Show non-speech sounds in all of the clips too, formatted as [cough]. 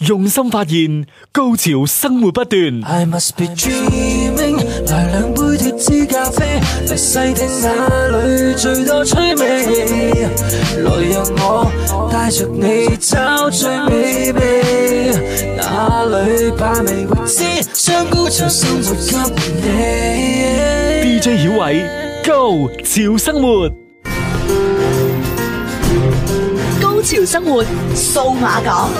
.用心發現，高潮生活不斷。I must be dreaming，來兩杯脫脂咖啡，嚟細聽那裏最多趣味。來讓我帶着你找最美味，哪裏把味知？將高潮生活給你。DJ 小偉，Go，潮生活，高潮生活，數碼港。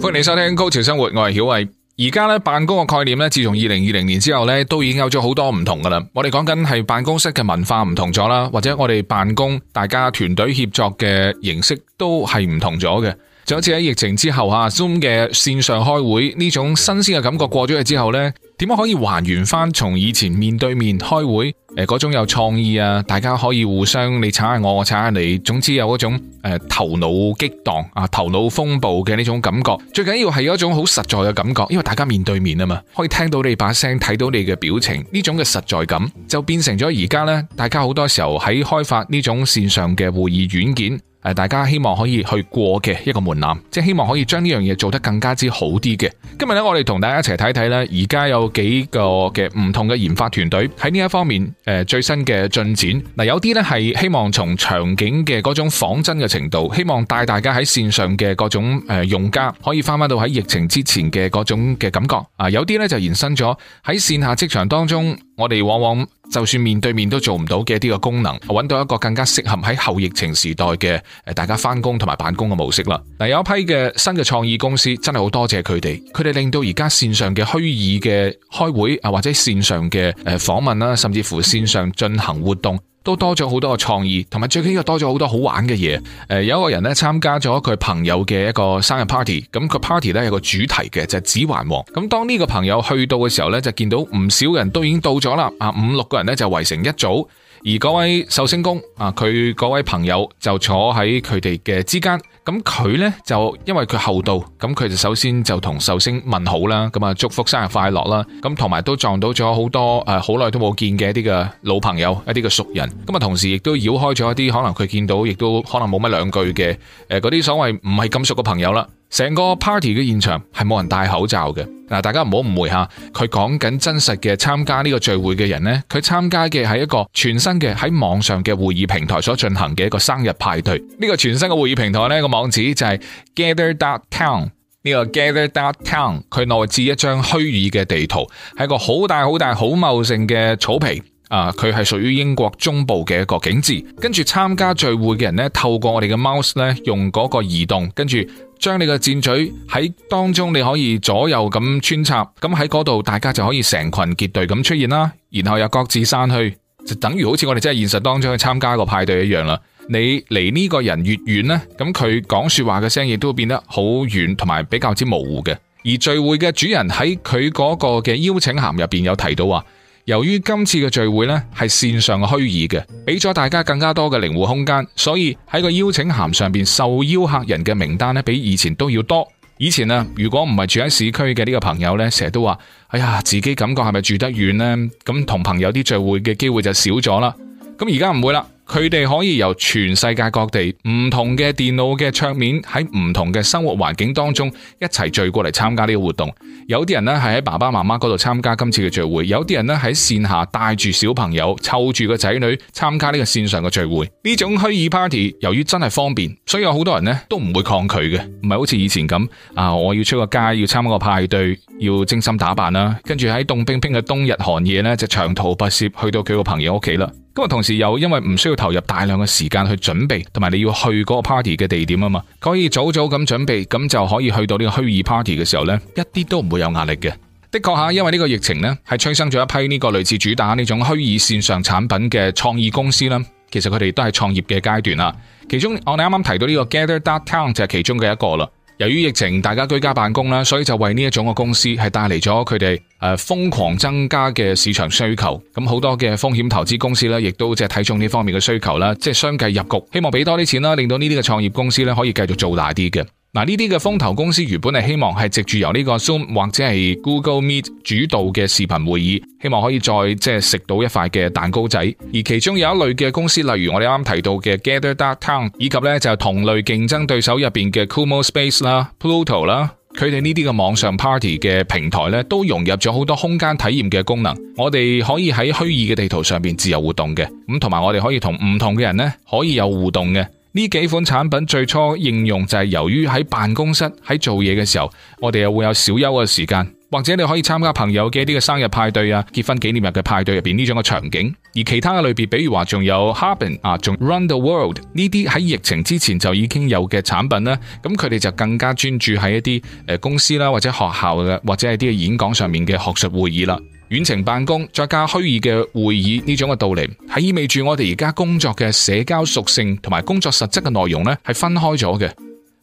歡迎你收聽《高潮生活》，我曉，我係曉偉。而家咧，辦公嘅概念咧，自從二零二零年之後咧，都已經有咗好多唔同噶啦。我哋講緊係辦公室嘅文化唔同咗啦，或者我哋辦公，大家團隊協作嘅形式都係唔同咗嘅。就好似喺疫情之後吓 Zoom 嘅線上開會呢種新鮮嘅感覺過咗去之後咧。點樣可以還原翻，從以前面對面開會誒嗰、呃、種有創意啊，大家可以互相你踩下我，我踩下你，總之有嗰種誒、呃、頭腦激盪啊，頭腦風暴嘅呢種感覺，最緊要係有一種好實在嘅感覺，因為大家面對面啊嘛，可以聽到你把聲，睇到你嘅表情，呢種嘅實在感就變成咗而家呢，大家好多時候喺開發呢種綫上嘅會議軟件。誒，大家希望可以去過嘅一個門檻，即係希望可以將呢樣嘢做得更加之好啲嘅。今日呢，我哋同大家一齊睇睇呢，而家有幾個嘅唔同嘅研發團隊喺呢一方面，誒、呃、最新嘅進展。嗱、呃，有啲呢係希望從場景嘅嗰種仿真嘅程度，希望帶大家喺綫上嘅各種誒用家可以翻翻到喺疫情之前嘅嗰種嘅感覺。啊、呃，有啲呢就延伸咗喺綫下職場當中，我哋往往。就算面對面都做唔到嘅呢個功能，揾到一個更加適合喺後疫情時代嘅大家返工同埋辦公嘅模式啦。有一批嘅新嘅創意公司真係好多謝佢哋，佢哋令到而家線上嘅虛擬嘅開會，或者線上嘅誒訪問，甚至乎線上進行活動。都多咗好多嘅創意，同埋最近又多咗好多好玩嘅嘢。誒，有一個人咧參加咗佢朋友嘅一個生日 party，咁個 party 咧有個主題嘅就係指環王。咁當呢個朋友去到嘅時候咧，就見到唔少人都已經到咗啦。啊，五六個人咧就圍成一組，而嗰位壽星公啊，佢嗰位朋友就坐喺佢哋嘅之間。咁佢呢，就因為佢厚道，咁佢就首先就同壽星問好啦，咁啊祝福生日快樂啦，咁同埋都撞到咗好多誒，好耐都冇見嘅一啲嘅老朋友，一啲嘅熟人，咁啊同時亦都繞開咗一啲可能佢見到亦都可能冇乜兩句嘅誒，嗰啲所謂唔係咁熟嘅朋友啦。成個 party 嘅現場係冇人戴口罩嘅嗱，大家唔好誤會嚇，佢講緊真實嘅參加呢個聚會嘅人咧，佢參加嘅係一個全新嘅喺網上嘅會議平台所進行嘅一個生日派對。呢、這個全新嘅會議平台呢個網址就係 gather.town 呢個 gather.town，佢內置一張虛擬嘅地圖，係一個好大好大好茂盛嘅草皮。啊！佢係屬於英國中部嘅一個景致，跟住參加聚會嘅人呢，透過我哋嘅 mouse 呢，用嗰個移動，跟住將你嘅箭嘴喺當中，你可以左右咁穿插，咁喺嗰度大家就可以成群結隊咁出現啦，然後又各自散去，就等於好似我哋真係現實當中去參加個派對一樣啦。你離呢個人越遠呢，咁佢講說話嘅聲亦都會變得好遠，同埋比較之模糊嘅。而聚會嘅主人喺佢嗰個嘅邀請函入邊有提到話。由於今次嘅聚會呢係線上嘅虛擬嘅，俾咗大家更加多嘅靈活空間，所以喺個邀請函上邊受邀客人嘅名單呢，比以前都要多。以前啊，如果唔係住喺市區嘅呢個朋友呢，成日都話：「哎呀，自己感覺係咪住得遠呢？」咁同朋友啲聚會嘅機會就少咗啦。咁而家唔會啦。佢哋可以由全世界各地唔同嘅電腦嘅桌面，喺唔同嘅生活環境當中一齊聚過嚟，參加呢個活動。有啲人呢係喺爸爸媽媽嗰度參加今次嘅聚會，有啲人呢喺綫下帶住小朋友湊住個仔女參加呢個綫上嘅聚會。呢種虛擬 party 由於真係方便，所以有好多人呢都唔會抗拒嘅，唔係好似以前咁啊！我要出個街，要參加個派對，要精心打扮啦，跟住喺凍冰冰嘅冬日寒夜呢，就長途跋涉去到佢個朋友屋企啦。咁啊，同時又因為唔需要投入大量嘅時間去準備，同埋你要去嗰個 party 嘅地點啊嘛，可以早早咁準備，咁就可以去到呢個虛擬 party 嘅時候呢，一啲都唔會有壓力嘅。的確吓，因為呢個疫情呢，係催生咗一批呢個類似主打呢種虛擬線上產品嘅創意公司啦。其實佢哋都係創業嘅階段啦。其中我哋啱啱提到呢個 gather dot town 就係其中嘅一個啦。由於疫情，大家居家辦公啦，所以就為呢一種公司係帶嚟咗佢哋誒瘋狂增加嘅市場需求。咁好多嘅風險投資公司呢，亦都即係睇中呢方面嘅需求啦，即係相繼入局，希望俾多啲錢啦，令到呢啲嘅創業公司咧可以繼續做大啲嘅。嗱，呢啲嘅風投公司原本係希望係藉住由呢個 Zoom 或者係 Google Meet 主導嘅視頻會議，希望可以再即係食到一塊嘅蛋糕仔。而其中有一類嘅公司，例如我哋啱啱提到嘅 Gather.town，以及咧就係、是、同類競爭對手入邊嘅 Kumo Space 啦、Pluto 啦，佢哋呢啲嘅網上 party 嘅平台咧，都融入咗好多空間體驗嘅功能。我哋可以喺虛擬嘅地圖上邊自由活動嘅，咁同埋我哋可以同唔同嘅人咧可以有互動嘅。呢幾款產品最初應用就係由於喺辦公室喺做嘢嘅時候，我哋又會有小休嘅時間，或者你可以參加朋友嘅一啲嘅生日派對啊、結婚紀念日嘅派對入邊呢種嘅場景。而其他嘅類別，比如話仲有 Happen 啊，仲 Run the World 呢啲喺疫情之前就已經有嘅產品咧，咁佢哋就更加專注喺一啲誒公司啦，或者學校嘅，或者係啲嘅演講上面嘅學術會議啦。遠程辦公再加虛擬嘅會議呢種嘅道理係意味住我哋而家工作嘅社交屬性同埋工作實質嘅內容呢係分開咗嘅。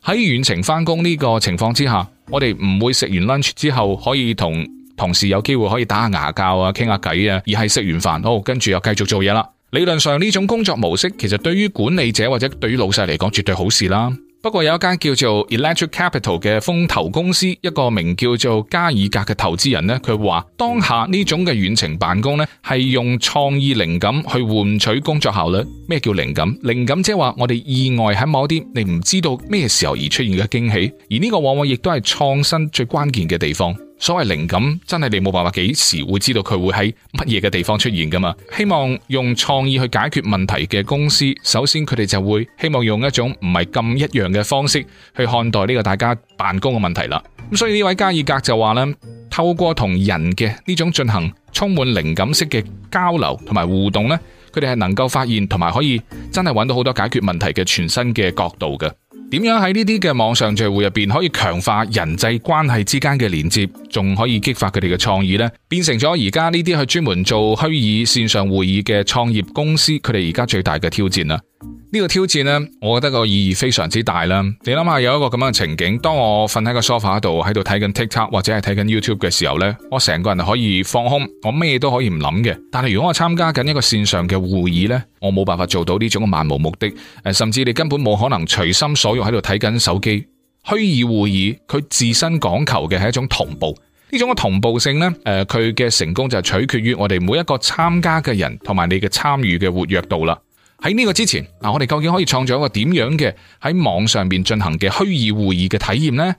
喺遠程返工呢個情況之下，我哋唔會食完 lunch 之後可以同同事有機會可以打下牙鉸啊，傾下偈啊，而係食完飯好跟住又繼續做嘢啦。理論上呢種工作模式其實對於管理者或者對於老細嚟講絕對好事啦。不過有一間叫做 Electric Capital 嘅風投公司，一個名叫做加爾格嘅投資人咧，佢話當下呢種嘅遠程辦公咧，係用創意靈感去換取工作效率。咩叫靈感？靈感即係話我哋意外喺某啲你唔知道咩時候而出現嘅驚喜，而呢個往往亦都係創新最關鍵嘅地方。所謂靈感真係你冇辦法幾時會知道佢會喺乜嘢嘅地方出現噶嘛？希望用創意去解決問題嘅公司，首先佢哋就會希望用一種唔係咁一樣嘅方式去看待呢個大家辦公嘅問題啦。咁所以呢位加爾格就話呢，透過同人嘅呢種進行充滿靈感式嘅交流同埋互動呢，佢哋係能夠發現同埋可以真係揾到好多解決問題嘅全新嘅角度嘅。點樣喺呢啲嘅網上聚會入邊可以強化人際關係之間嘅連接，仲可以激發佢哋嘅創意呢？變成咗而家呢啲去專門做虛擬線上會議嘅創業公司，佢哋而家最大嘅挑戰啦。呢個挑戰呢，我覺得個意義非常之大啦。你諗下，有一個咁樣嘅情景，當我瞓喺個 sofa 度，喺度睇緊 TikTok 或者係睇緊 YouTube 嘅時候呢，我成個人可以放空，我咩都可以唔諗嘅。但係如果我參加緊一個線上嘅會議呢，我冇辦法做到呢種嘅漫無目的，甚至你根本冇可能隨心所欲喺度睇緊手機。虛擬會議佢自身講求嘅係一種同步，呢種嘅同步性呢，誒、呃，佢嘅成功就取決於我哋每一個參加嘅人同埋你嘅參與嘅活躍度啦。喺呢個之前，啊，我哋究竟可以創造一個點樣嘅喺網上面進行嘅虛擬會議嘅體驗呢？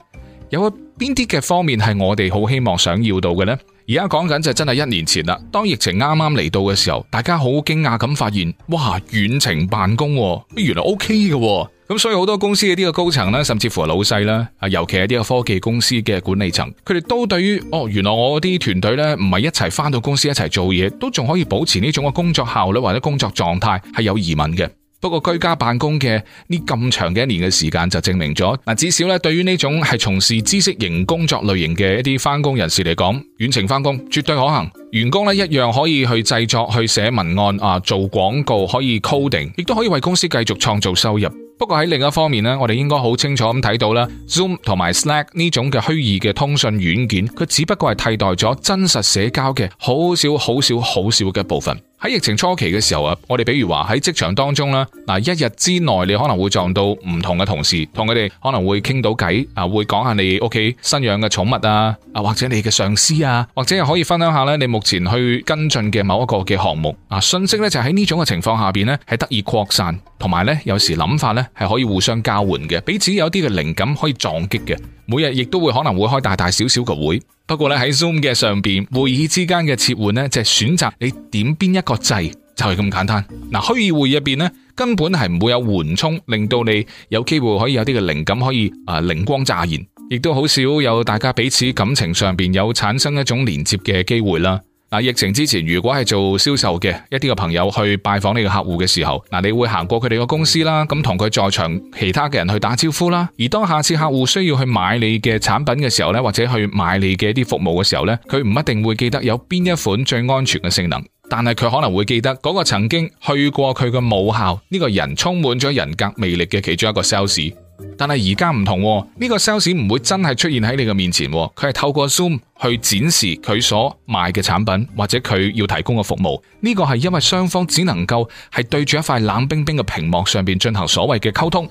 有邊啲嘅方面係我哋好希望想要到嘅呢？而家講緊就真係一年前啦，當疫情啱啱嚟到嘅時候，大家好驚訝咁發現，哇，遠程辦公喎，原來 OK 嘅喎。咁所以好多公司嘅呢個高層呢，甚至乎老細呢，啊，尤其係呢個科技公司嘅管理層，佢哋都對於哦，原來我啲團隊呢，唔係一齊翻到公司一齊做嘢，都仲可以保持呢種嘅工作效率或者工作狀態，係有疑問嘅。不過居家辦公嘅呢咁長嘅一年嘅時間就證明咗嗱，至少呢對於呢種係從事知識型工作類型嘅一啲翻工人士嚟講，遠程翻工絕對可行。員工呢一樣可以去製作、去寫文案啊，做廣告，可以 coding，亦都可以為公司繼續創造收入。不過喺另一方面咧，我哋應該好清楚咁睇到啦，Zoom 同埋 Slack 呢種嘅虛擬嘅通訊軟件，佢只不過係替代咗真實社交嘅好少、好少、好少嘅部分。喺疫情初期嘅時候啊，我哋比如話喺職場當中啦，嗱一日之內你可能會撞到唔同嘅同事，同佢哋可能會傾到偈啊，會講下你屋企新養嘅寵物啊，啊或者你嘅上司啊，或者又可以分享下咧你目前去跟進嘅某一個嘅項目啊，信息咧就喺呢種嘅情況下邊咧係得以擴散，同埋咧有時諗法咧係可以互相交換嘅，彼此有啲嘅靈感可以撞擊嘅。每日亦都會可能會開大大小小個會，不過呢，喺 Zoom 嘅上邊，會議之間嘅切換呢，就係選擇你點邊一個掣，就係、是、咁簡單。嗱，虛擬會議入邊呢，根本係唔會有緩衝，令到你有機會可以有啲嘅靈感，可以啊靈、呃、光乍現，亦都好少有大家彼此感情上邊有產生一種連接嘅機會啦。疫情之前，如果係做銷售嘅一啲嘅朋友去拜訪你個客戶嘅時候，你會行過佢哋嘅公司啦，咁同佢在場其他嘅人去打招呼啦。而當下次客戶需要去買你嘅產品嘅時候呢，或者去買你嘅一啲服務嘅時候呢，佢唔一定會記得有邊一款最安全嘅性能，但係佢可能會記得嗰個曾經去過佢嘅母校，呢個人充滿咗人格魅力嘅其中一個 sales。但係而家唔同，呢、這個 sales 唔會真係出現喺你嘅面前，佢係透過 Zoom 去展示佢所賣嘅產品或者佢要提供嘅服務。呢個係因為雙方只能夠係對住一塊冷冰冰嘅屏幕上面進行所謂嘅溝通。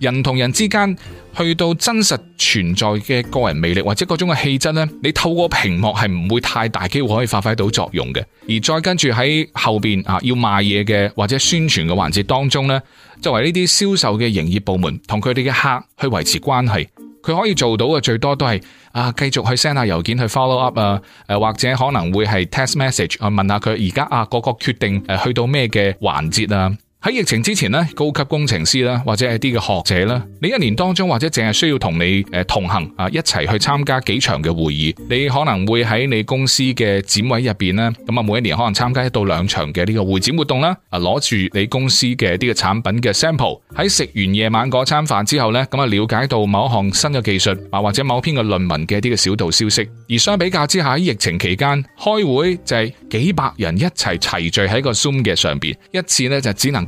人同人之間去到真實存在嘅個人魅力或者各種嘅氣質咧，你透過屏幕係唔會太大機會可以發揮到作用嘅。而再跟住喺後邊啊，要賣嘢嘅或者宣傳嘅環節當中咧，作為呢啲銷售嘅營業部門同佢哋嘅客去維持關係，佢可以做到嘅最多都係啊，繼續去 send 下郵件去 follow up 啊，誒或者可能會係 text message 去問下佢而家啊嗰個決定誒去到咩嘅環節啊。喺疫情之前呢，高級工程師啦，或者係啲嘅學者啦，你一年當中或者淨係需要同你誒同行啊一齊去參加幾場嘅會議，你可能會喺你公司嘅展位入邊呢，咁啊每一年可能參加一到兩場嘅呢個會展活動啦，啊攞住你公司嘅啲嘅產品嘅 sample，喺食完夜晚嗰餐飯之後呢，咁啊了解到某一項新嘅技術啊或者某篇嘅論文嘅啲嘅小道消息，而相比較之下，喺疫情期間開會就係幾百人一齊齊聚喺個 zoom 嘅上邊，一次呢就只能。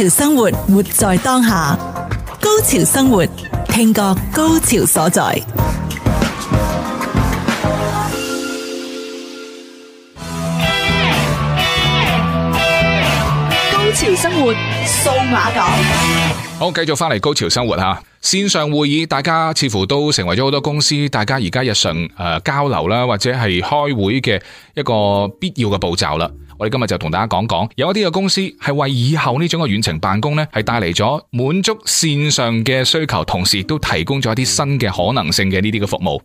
高潮生活，活在當下。高潮生活，聽覺高潮所在。高潮生活，數碼港。好，繼續翻嚟高潮生活吓。線上會議，大家似乎都成為咗好多公司，大家而家日常誒交流啦，或者係開會嘅一個必要嘅步驟啦。我哋今日就同大家講講，有一啲嘅公司係為以後呢種嘅遠程辦公呢，係帶嚟咗滿足線上嘅需求，同時都提供咗一啲新嘅可能性嘅呢啲嘅服務。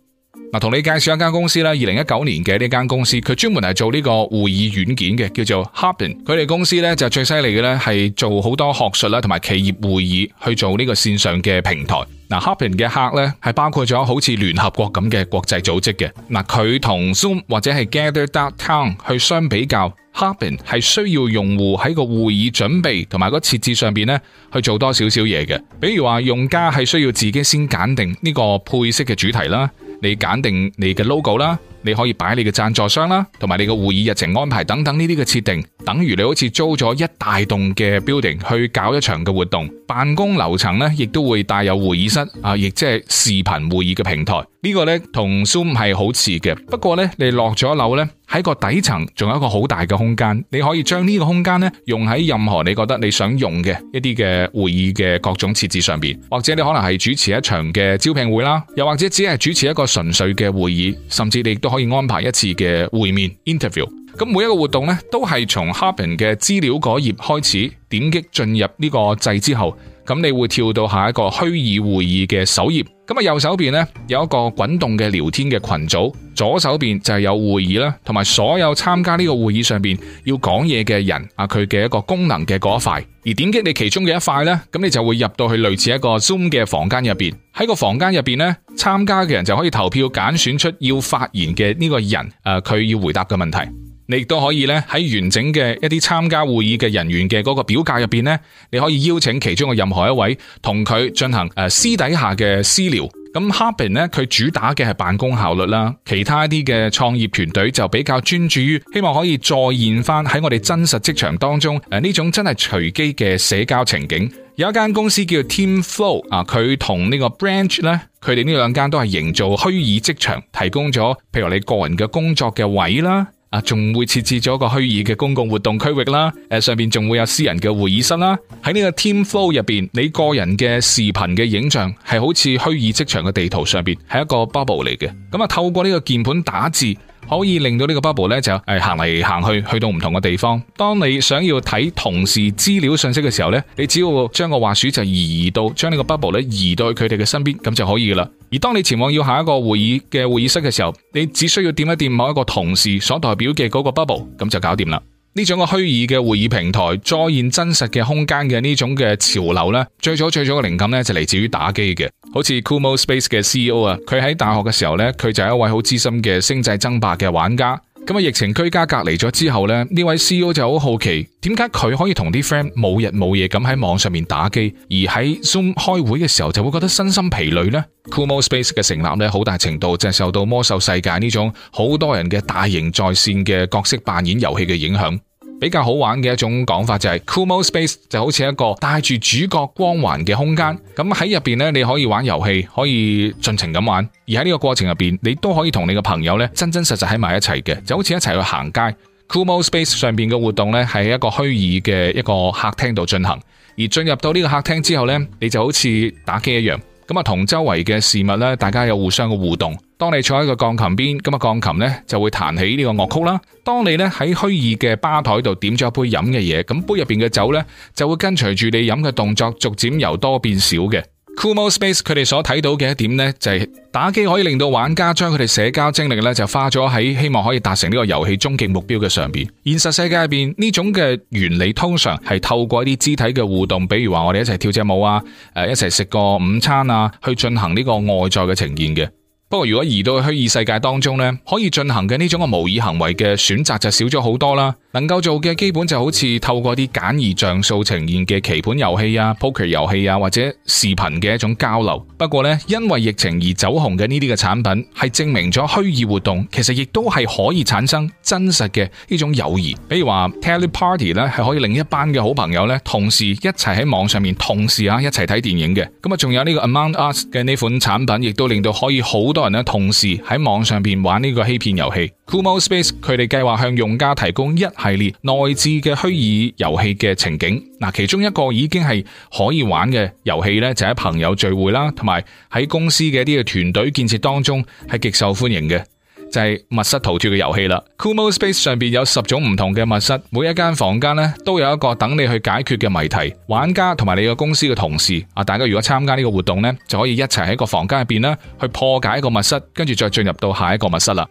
嗱，同你介紹一間公司啦。二零一九年嘅呢間公司，佢專門係做呢個會議軟件嘅，叫做 h a p p e n 佢哋公司呢，就最犀利嘅呢，係做好多學術啦，同埋企業會議去做呢個線上嘅平台。嗱 h a p p e n 嘅客呢，係包括咗好似聯合國咁嘅國際組織嘅。嗱，佢同 Zoom 或者係 Gather dot t o w n 去相比較 h a p p e n 係需要用戶喺個會議準備同埋個設置上邊呢去做多少少嘢嘅，比如話用家係需要自己先揀定呢個配色嘅主題啦。你揀定你嘅 logo 啦，你可以擺你嘅贊助商啦，同埋你嘅會議日程安排等等呢啲嘅設定，等於你好似租咗一大棟嘅 building 去搞一場嘅活動。辦公樓層呢亦都會帶有會議室啊，亦即係視頻會議嘅平台。呢個呢同 Zoom 係好似嘅，不過呢，你落咗樓呢，喺個底層仲有一個好大嘅空間，你可以將呢個空間咧用喺任何你覺得你想用嘅一啲嘅會議嘅各種設置上邊，或者你可能係主持一場嘅招聘會啦，又或者只係主持一個純粹嘅會議，甚至你亦都可以安排一次嘅會面 interview。咁 inter 每一個活動咧都係從 Hopin 嘅資料嗰頁開始，點擊進入呢個掣之後，咁你會跳到下一個虛擬會議嘅首頁。咁啊右手邊呢，有一個滾動嘅聊天嘅群組。左手邊就係有會議啦，同埋所有參加呢個會議上邊要講嘢嘅人啊，佢嘅一個功能嘅嗰一塊。而點擊你其中嘅一塊呢，咁你就會入到去類似一個 Zoom 嘅房間入邊。喺個房間入邊呢，參加嘅人就可以投票揀選出要發言嘅呢個人，誒，佢要回答嘅問題。你亦都可以呢，喺完整嘅一啲參加會議嘅人員嘅嗰個表格入邊呢，你可以邀請其中嘅任何一位同佢進行誒私底下嘅私聊。咁 Hopin 咧，佢主打嘅係辦公效率啦，其他啲嘅創業團隊就比較專注於希望可以再現翻喺我哋真實職場當中誒呢、啊、種真係隨機嘅社交情景。有一間公司叫 Team Flow 啊，佢同呢個 Branch 咧，佢哋呢兩間都係營造虛擬職場，提供咗譬如你個人嘅工作嘅位啦。啊，仲會設置咗一個虛擬嘅公共活動區域啦，誒，上面仲會有私人嘅會議室啦。喺呢個 Team Flow 入邊，你個人嘅視頻嘅影像係好似虛擬職場嘅地圖上邊係一個 bubble 嚟嘅，咁啊透過呢個鍵盤打字。可以令到個呢個 bubble 咧，就誒行嚟行去，去到唔同嘅地方。當你想要睇同事資料信息嘅時候咧，你只要將個滑鼠就移到，將呢個 bubble 咧移到佢哋嘅身邊，咁就可以噶啦。而當你前往要下一個會議嘅會議室嘅時候，你只需要點一點某一個同事所代表嘅嗰個 bubble，咁就搞掂啦。呢種嘅虛擬嘅會議平台再現真實嘅空間嘅呢種嘅潮流咧，最早最早嘅靈感咧就嚟自於打機嘅，好似 Kumo Space 嘅 CEO 啊，佢喺大學嘅時候咧，佢就係一位好資深嘅星際爭霸嘅玩家。咁疫情居家隔離咗之後咧，呢位 CEO 就好好奇，點解佢可以同啲 friend 冇日冇夜咁喺網上面打機，而喺 Zoom 開會嘅時候就會覺得身心疲累呢？Kumo Space 嘅成立呢，好大程度就係受到魔獸世界呢種好多人嘅大型在線嘅角色扮演遊戲嘅影響。比較好玩嘅一種講法就係 Coolmo Space 就好似一個帶住主角光環嘅空間，咁喺入邊咧你可以玩遊戲，可以盡情咁玩，而喺呢個過程入邊，你都可以同你嘅朋友咧真真實實喺埋一齊嘅，就好似一齊去行街。Coolmo Space 上邊嘅活動咧係喺一個虛擬嘅一個客廳度進行，而進入到呢個客廳之後呢，你就好似打機一樣。咁啊，同周圍嘅事物咧，大家有互相嘅互動。當你坐喺個鋼琴邊，咁啊鋼琴咧就會彈起呢個樂曲啦。當你咧喺虛擬嘅吧台度點咗一杯飲嘅嘢，咁杯入邊嘅酒咧就會跟隨住你飲嘅動作，逐漸由多變少嘅。Coolmo Space 佢哋所睇到嘅一點呢，就係打機可以令到玩家將佢哋社交精力呢，就花咗喺希望可以達成呢個遊戲終極目標嘅上邊。現實世界入邊呢種嘅原理通常係透過一啲肢體嘅互動，比如話我哋一齊跳隻舞啊，誒一齊食個午餐啊，去進行呢個外在嘅呈現嘅。不過如果移到去虛擬世界當中呢，可以進行嘅呢種嘅模擬行為嘅選擇就少咗好多啦。能夠做嘅基本就好似透過啲簡易像素呈現嘅棋盤遊戲啊、poker 遊戲啊、遊戲啊或者視頻嘅一種交流。不過呢，因為疫情而走紅嘅呢啲嘅產品，係證明咗虛擬活動其實亦都係可以產生真實嘅呢種友誼。比如話 [music] Teleparty 咧，係可以令一班嘅好朋友咧，同時一齊喺網上面同時啊一齊睇電影嘅。咁啊，仲有呢個 Among Us 嘅呢款產品，亦都令到可以好多人呢，同時喺網上邊玩呢個欺騙遊戲。Kumo Space 佢哋計劃向用家提供一系列內置嘅虛擬遊戲嘅情景，嗱，其中一個已經係可以玩嘅遊戲呢，就喺朋友聚會啦，同埋喺公司嘅一啲嘅團隊建設當中係極受歡迎嘅，就係密室逃脫嘅遊戲啦。CoolMo Space 上邊有十種唔同嘅密室，每一間房間呢，都有一個等你去解決嘅謎題。玩家同埋你嘅公司嘅同事啊，大家如果參加呢個活動呢，就可以一齊喺一個房間入邊啦，去破解一個密室，跟住再進入到下一個密室啦。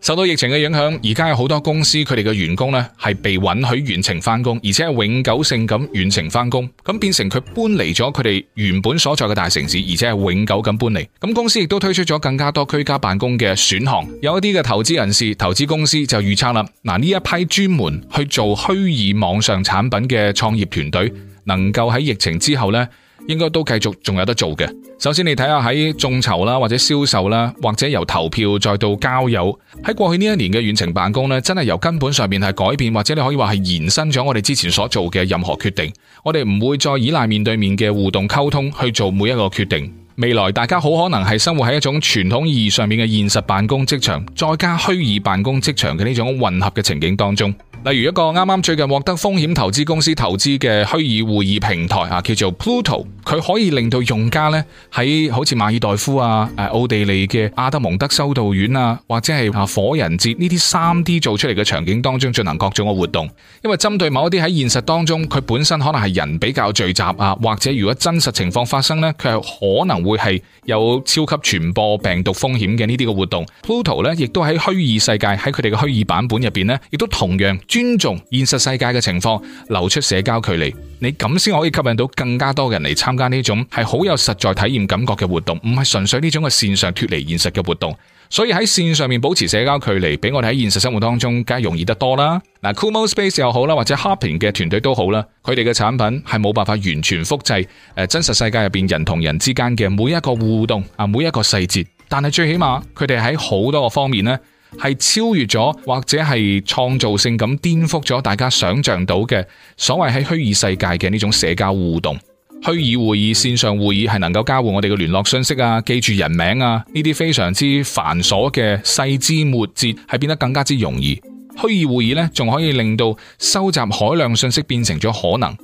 受到疫情嘅影響，而家有好多公司佢哋嘅員工呢係被允許遠程返工，而且係永久性咁遠程返工，咁變成佢搬離咗佢哋原本所在嘅大城市，而且係永久咁搬離。咁公司亦都推出咗更加多居家辦公嘅選項。有一啲嘅投資人士、投資公司就預測啦，「嗱，呢一批專門去做虛擬網上產品嘅創業團隊，能夠喺疫情之後呢。」應該都繼續仲有得做嘅。首先你睇下喺眾籌啦，或者銷售啦，或者由投票再到交友，喺過去呢一年嘅遠程辦公呢，真係由根本上面係改變，或者你可以話係延伸咗我哋之前所做嘅任何決定。我哋唔會再依賴面對面嘅互動溝通去做每一個決定。未來大家好可能係生活喺一種傳統意義上面嘅現實辦公職場，再加虛擬辦公職場嘅呢種混合嘅情景當中。例如一個啱啱最近獲得風險投資公司投資嘅虛擬會議平台啊，叫做 Pluto。佢可以令到用家咧喺好似馬爾代夫啊、誒奧地利嘅阿德蒙德修道院啊，或者係啊火人節呢啲 3D 做出嚟嘅場景當中，進行各種嘅活動。因為針對某一啲喺現實當中，佢本身可能係人比較聚集啊，或者如果真實情況發生呢，佢可能會係有超級傳播病毒風險嘅呢啲嘅活動。Pluto 咧，亦都喺虛擬世界喺佢哋嘅虛擬版本入邊呢，亦都同樣尊重現實世界嘅情況，留出社交距離。你咁先可以吸引到更加多人嚟參加呢種係好有實在體驗感覺嘅活動，唔係純粹呢種嘅線上脱離現實嘅活動。所以喺線上面保持社交距離，比我哋喺現實生活當中梗係容易得多啦。嗱、啊、Kumo Space 又好啦，或者 Hopin 嘅團隊都好啦，佢哋嘅產品係冇辦法完全複製誒真實世界入邊人同人之間嘅每一個互動啊，每一個細節。但係最起碼佢哋喺好多個方面呢。係超越咗，或者係創造性咁顛覆咗大家想象到嘅所謂喺虛擬世界嘅呢種社交互動。虛擬會議、線上會議係能夠交換我哋嘅聯絡信息啊，記住人名啊，呢啲非常之繁瑣嘅細枝末節係變得更加之容易。虛擬會議呢，仲可以令到收集海量信息變成咗可能。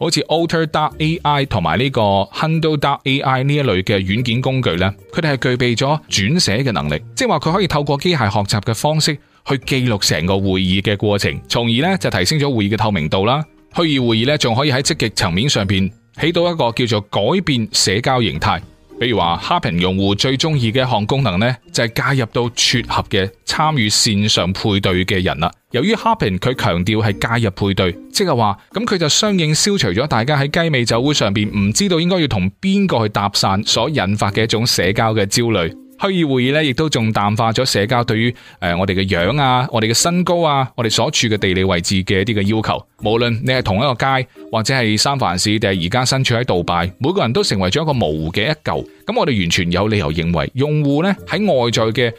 好似 Alter dot AI 同埋呢個 Hendo dot AI 呢一類嘅軟件工具咧，佢哋係具備咗轉寫嘅能力，即係話佢可以透過機械學習嘅方式去記錄成個會議嘅過程，從而咧就提升咗會議嘅透明度啦。虛擬會議咧，仲可以喺積極層面上邊起到一個叫做改變社交形態。比如話，Happen 用戶最中意嘅一項功能呢，就係、是、加入到撮合嘅參與線上配對嘅人啦。由於 Happen 佢強調係加入配對，即係話，咁佢就相應消除咗大家喺雞尾酒會上邊唔知道應該要同邊個去搭訕所引發嘅一種社交嘅焦慮。虛擬會議咧，亦都仲淡化咗社交對於誒我哋嘅樣啊、我哋嘅身高啊、我哋所處嘅地理位置嘅一啲嘅要求。無論你係同一個街，或者係三藩市，定係而家身處喺杜拜，每個人都成為咗一個模糊嘅一嚿。咁我哋完全有理由認為，用戶咧喺外在嘅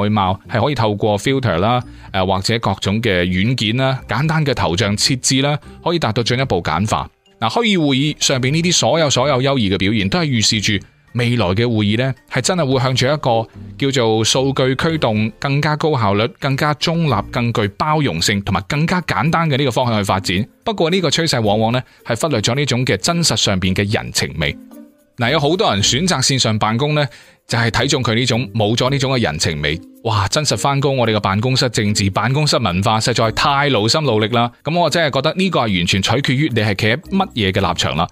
外貌係可以透過 filter 啦，誒或者各種嘅軟件啦、簡單嘅頭像設置啦，可以達到進一步簡化。嗱，虛擬會議上邊呢啲所有所有優異嘅表現，都係預示住。未來嘅會議咧，係真係會向住一個叫做數據驅動、更加高效率、更加中立、更具包容性同埋更加簡單嘅呢個方向去發展。不過呢個趨勢往往咧係忽略咗呢種嘅真實上邊嘅人情味。嗱、嗯，有好多人選擇綫上辦公呢，就係、是、睇中佢呢種冇咗呢種嘅人情味。哇，真實翻工，我哋嘅辦公室政治、辦公室文化實在太勞心勞力啦。咁我真係覺得呢個係完全取決於你係企喺乜嘢嘅立場啦。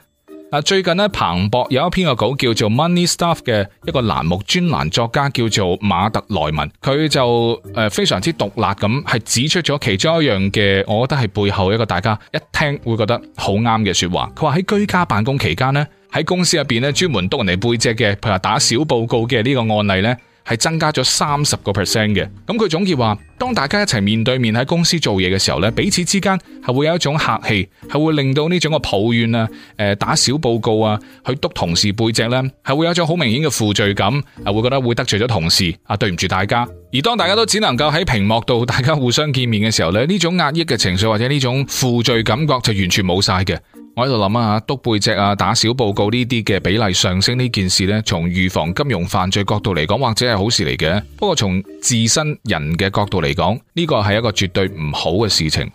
啊！最近咧，彭博有一篇個稿叫做《Money Stuff》嘅一個欄目專欄作家叫做馬特萊文，佢就誒非常之獨立咁，係指出咗其中一樣嘅，我覺得係背後一個大家一聽會覺得好啱嘅說話。佢話喺居家辦公期間呢，喺公司入邊咧專門督人哋背脊嘅，譬如話打小報告嘅呢個案例呢。係增加咗三十個 percent 嘅，咁佢總結話，當大家一齊面對面喺公司做嘢嘅時候咧，彼此之間係會有一種客氣，係會令到呢種個抱怨啊，誒、呃、打小報告啊，去督同事背脊咧，係會有一種好明顯嘅負罪感，啊會覺得會得罪咗同事啊，對唔住大家。而當大家都只能夠喺屏幕度，大家互相見面嘅時候咧，呢種壓抑嘅情緒或者呢種負罪感覺就完全冇晒嘅。我喺度諗啊，督背脊啊，打小報告呢啲嘅比例上升呢件事呢，從預防金融犯罪角度嚟講，或者係好事嚟嘅。不過從自身人嘅角度嚟講，呢個係一個絕對唔好嘅事情。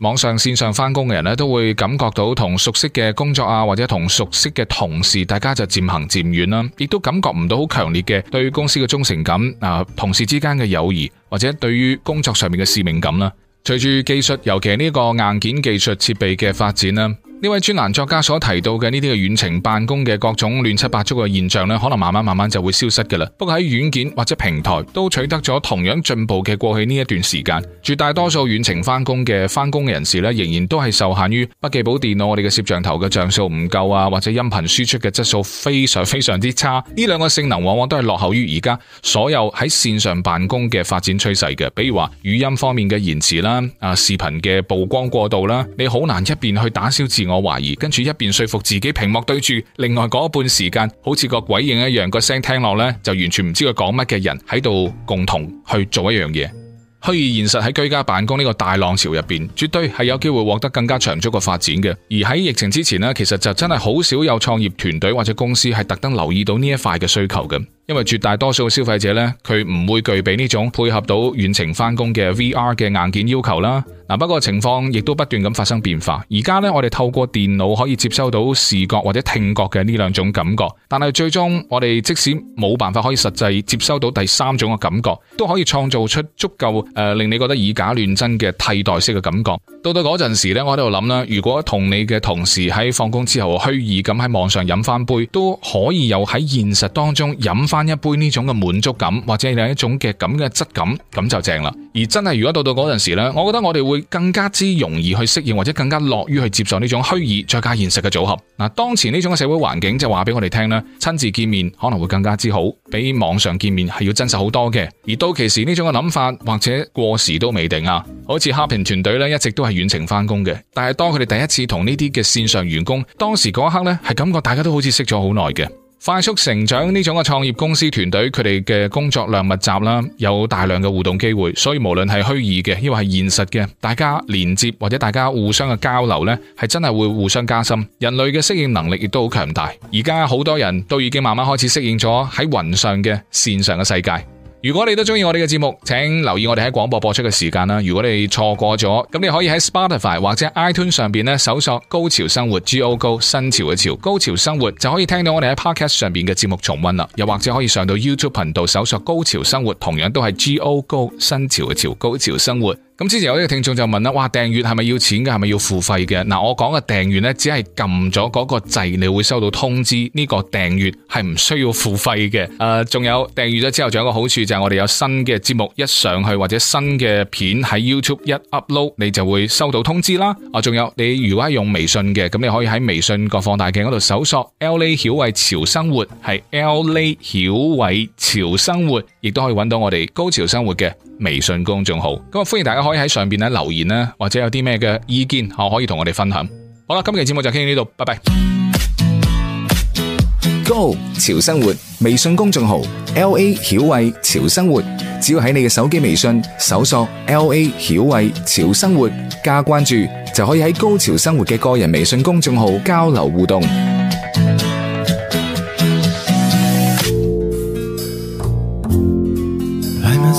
網上線上翻工嘅人呢，都會感覺到同熟悉嘅工作啊，或者同熟悉嘅同事，大家就漸行漸遠啦，亦都感覺唔到好強烈嘅對公司嘅忠誠感啊，同事之間嘅友誼或者對於工作上面嘅使命感啦。隨住技術，尤其呢個硬件技術設備嘅發展啦。呢位專欄作家所提到嘅呢啲嘅遠程辦公嘅各種亂七八糟嘅現象咧，可能慢慢慢慢就會消失嘅啦。不過喺軟件或者平台都取得咗同樣進步嘅過去呢一段時間，絕大多數遠程翻工嘅翻工嘅人士咧，仍然都係受限於筆記簿電腦我哋嘅攝像頭嘅像素唔夠啊，或者音頻輸出嘅質素非常非常之差。呢兩個性能往往都係落後於而家所有喺線上辦公嘅發展趨勢嘅，比如話語音方面嘅延遲啦，啊視頻嘅曝光過度啦，你好難一邊去打消自我，我懷疑，跟住一邊說服自己，屏幕，對住另外嗰半時間，好似個鬼影一樣，個聲聽落呢，就完全唔知佢講乜嘅人喺度共同去做一樣嘢。虛擬現實喺居家辦公呢個大浪潮入邊，絕對係有機會獲得更加長足嘅發展嘅。而喺疫情之前呢，其實就真係好少有創業團隊或者公司係特登留意到呢一塊嘅需求嘅。因為絕大多數消費者呢，佢唔會具備呢種配合到遠程翻工嘅 VR 嘅硬件要求啦。嗱，不過情況亦都不斷咁發生變化。而家呢，我哋透過電腦可以接收到視覺或者聽覺嘅呢兩種感覺，但係最終我哋即使冇辦法可以實際接收到第三種嘅感覺，都可以創造出足夠誒、呃、令你覺得以假亂真嘅替代式嘅感覺。到到嗰陣時呢，我喺度諗啦，如果同你嘅同事喺放工之後虛擬咁喺網上飲翻杯，都可以有喺現實當中飲翻一杯呢種嘅滿足感，或者另一種嘅咁嘅質感，咁就正啦。而真係如果到到嗰陣時呢，我覺得我哋會更加之容易去適應，或者更加樂於去接受呢種虛擬再加現實嘅組合。嗱，當前呢種嘅社會環境就話俾我哋聽咧，親自見面可能會更加之好，比網上見面係要真實好多嘅。而到其時呢種嘅諗法或者過時都未定啊。好似哈平團隊呢，一直都係遠程翻工嘅，但係當佢哋第一次同呢啲嘅線上員工，當時嗰一刻呢，係感覺大家都好似識咗好耐嘅。快速成長呢種嘅創業公司團隊，佢哋嘅工作量密集啦，有大量嘅互動機會，所以無論係虛擬嘅，亦或係現實嘅，大家連接或者大家互相嘅交流呢，係真係會互相加深。人類嘅適應能力亦都好強大，而家好多人都已經慢慢開始適應咗喺雲上嘅線上嘅世界。如果你都中意我哋嘅節目，請留意我哋喺廣播播出嘅時間啦。如果你錯過咗，咁你可以喺 Spotify 或者 iTunes 上邊咧搜索《高潮生活》G O 高，新潮嘅潮，高潮生活就可以聽到我哋喺 Podcast 上邊嘅節目重溫啦。又或者可以上到 YouTube 頻道搜索《高潮生活》，同樣都係 G O 高，新潮嘅潮，高潮生活。咁之前有啲聽眾就問啦，哇，訂閱係咪要錢嘅，係咪要付費嘅？嗱、啊，我講嘅訂閱呢，只係撳咗嗰個掣，你會收到通知，呢、這個訂閱係唔需要付費嘅。誒、呃，仲有訂閱咗之後，仲有一個好處就係我哋有新嘅節目一上去或者新嘅片喺 YouTube 一 upload，你就會收到通知啦。啊，仲有你如果係用微信嘅，咁你可以喺微信個放大鏡嗰度搜索 L A 曉偉潮生活，係 L A 曉偉潮生活，亦都可以揾到我哋高潮生活嘅。微信公眾號，咁啊，歡迎大家可以喺上邊咧留言啦，或者有啲咩嘅意見，可可以同我哋分享。好啦，今期節目就傾到呢度，拜拜。Go 潮生活微信公眾號，L A 曉慧潮生活，只要喺你嘅手機微信搜索 L A 曉慧潮生活加關注，就可以喺高潮生活嘅個人微信公眾號交流互動。